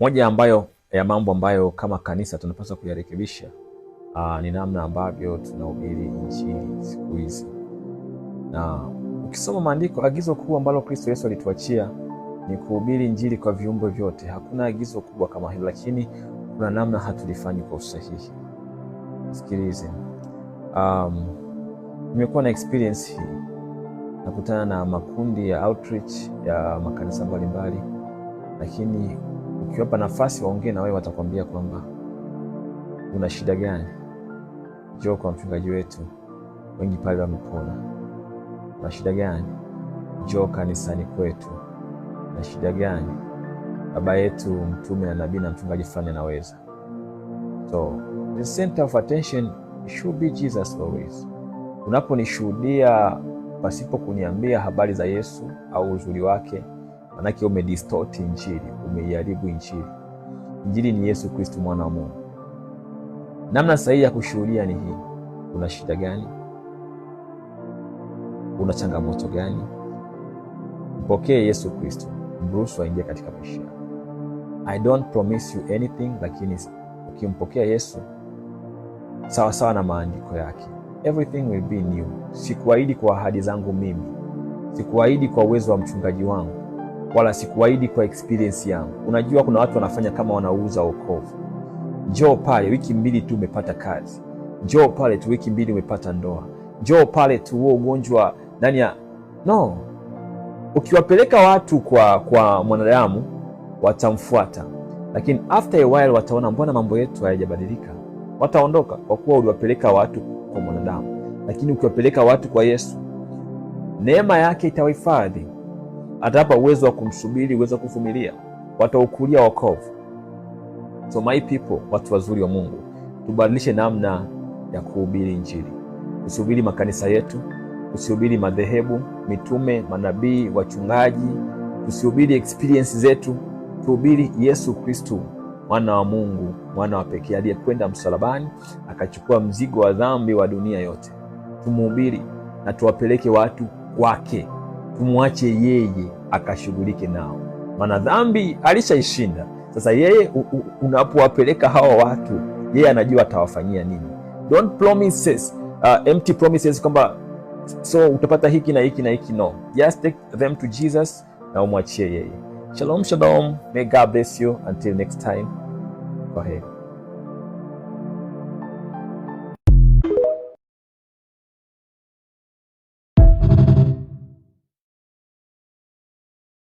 Moja ambayo ya mambo ambayo kama kanisa tunapaswa kuyarekebisha ah, ni namna ambavyo tunahubiri injili siku hizi, na ukisoma maandiko, agizo kuu ambalo Kristo Yesu alituachia ni kuhubiri injili kwa viumbe vyote. Hakuna agizo kubwa kama hilo, lakini kuna namna hatulifanyi kwa usahihi. Sikilize, um, nimekuwa na experience hii, nakutana na makundi ya outreach ya makanisa mbalimbali, lakini Ukiwapa nafasi waongee na wewe, watakwambia kwamba una shida gani, njoo kwa mchungaji wetu, wengi pale wamepona. Una shida gani, njoo kanisani kwetu. Una shida gani, baba yetu mtume na nabii na mchungaji fulani anaweza. So the center of attention should be Jesus always. Unaponishuhudia pasipo kuniambia habari za Yesu au uzuri wake Manake umedistort injili, umeiharibu injili. Injili ni Yesu kristu mwana wa Mungu. Namna sahihi ya kushuhudia ni hii. Una shida gani? Una changamoto gani? Mpokee Yesu kristu mruhusu aingie katika maisha yako. I don't promise you anything, lakini ukimpokea Yesu sawa sawa na maandiko yake, everything will be new. Sikuahidi kwa ahadi zangu mimi, sikuahidi kwa uwezo wa mchungaji wangu wala sikuahidi kwa experience yangu. Unajua, kuna watu wanafanya kama wanauza wokovu. Njoo pale wiki mbili tu umepata kazi, njoo pale tu wiki mbili umepata ndoa, njoo pale tu huo ugonjwa ndani ya no. Ukiwapeleka watu kwa kwa mwanadamu watamfuata, lakini after a while wataona mbona mambo yetu hayajabadilika, wataondoka kwa kuwa uliwapeleka watu kwa mwanadamu. Lakini ukiwapeleka watu kwa Yesu, neema yake itawahifadhi atapa uwezo wa kumsubiri, uwezo wa kuvumilia, wataukulia wokovu. So my people, watu wazuri wa Mungu, tubadilishe namna ya kuhubiri Injili, tusihubiri makanisa yetu, tusihubiri madhehebu, mitume, manabii, wachungaji, tusihubiri experience zetu, tuhubiri Yesu Kristu, mwana wa Mungu, mwana wa pekee aliyekwenda msalabani akachukua mzigo wa dhambi wa dunia yote. Tumuhubiri na tuwapeleke watu kwake tumwache yeye akashughulike nao, maana dhambi alishaishinda. Sasa yeye unapowapeleka hawa watu, yeye anajua atawafanyia nini. Don't promises, uh, empty promises kwamba so utapata hiki na hiki na hiki. No, just take them to Jesus na umwachie yeye. Shalom shalom, may God bless you until next time, kwaheri.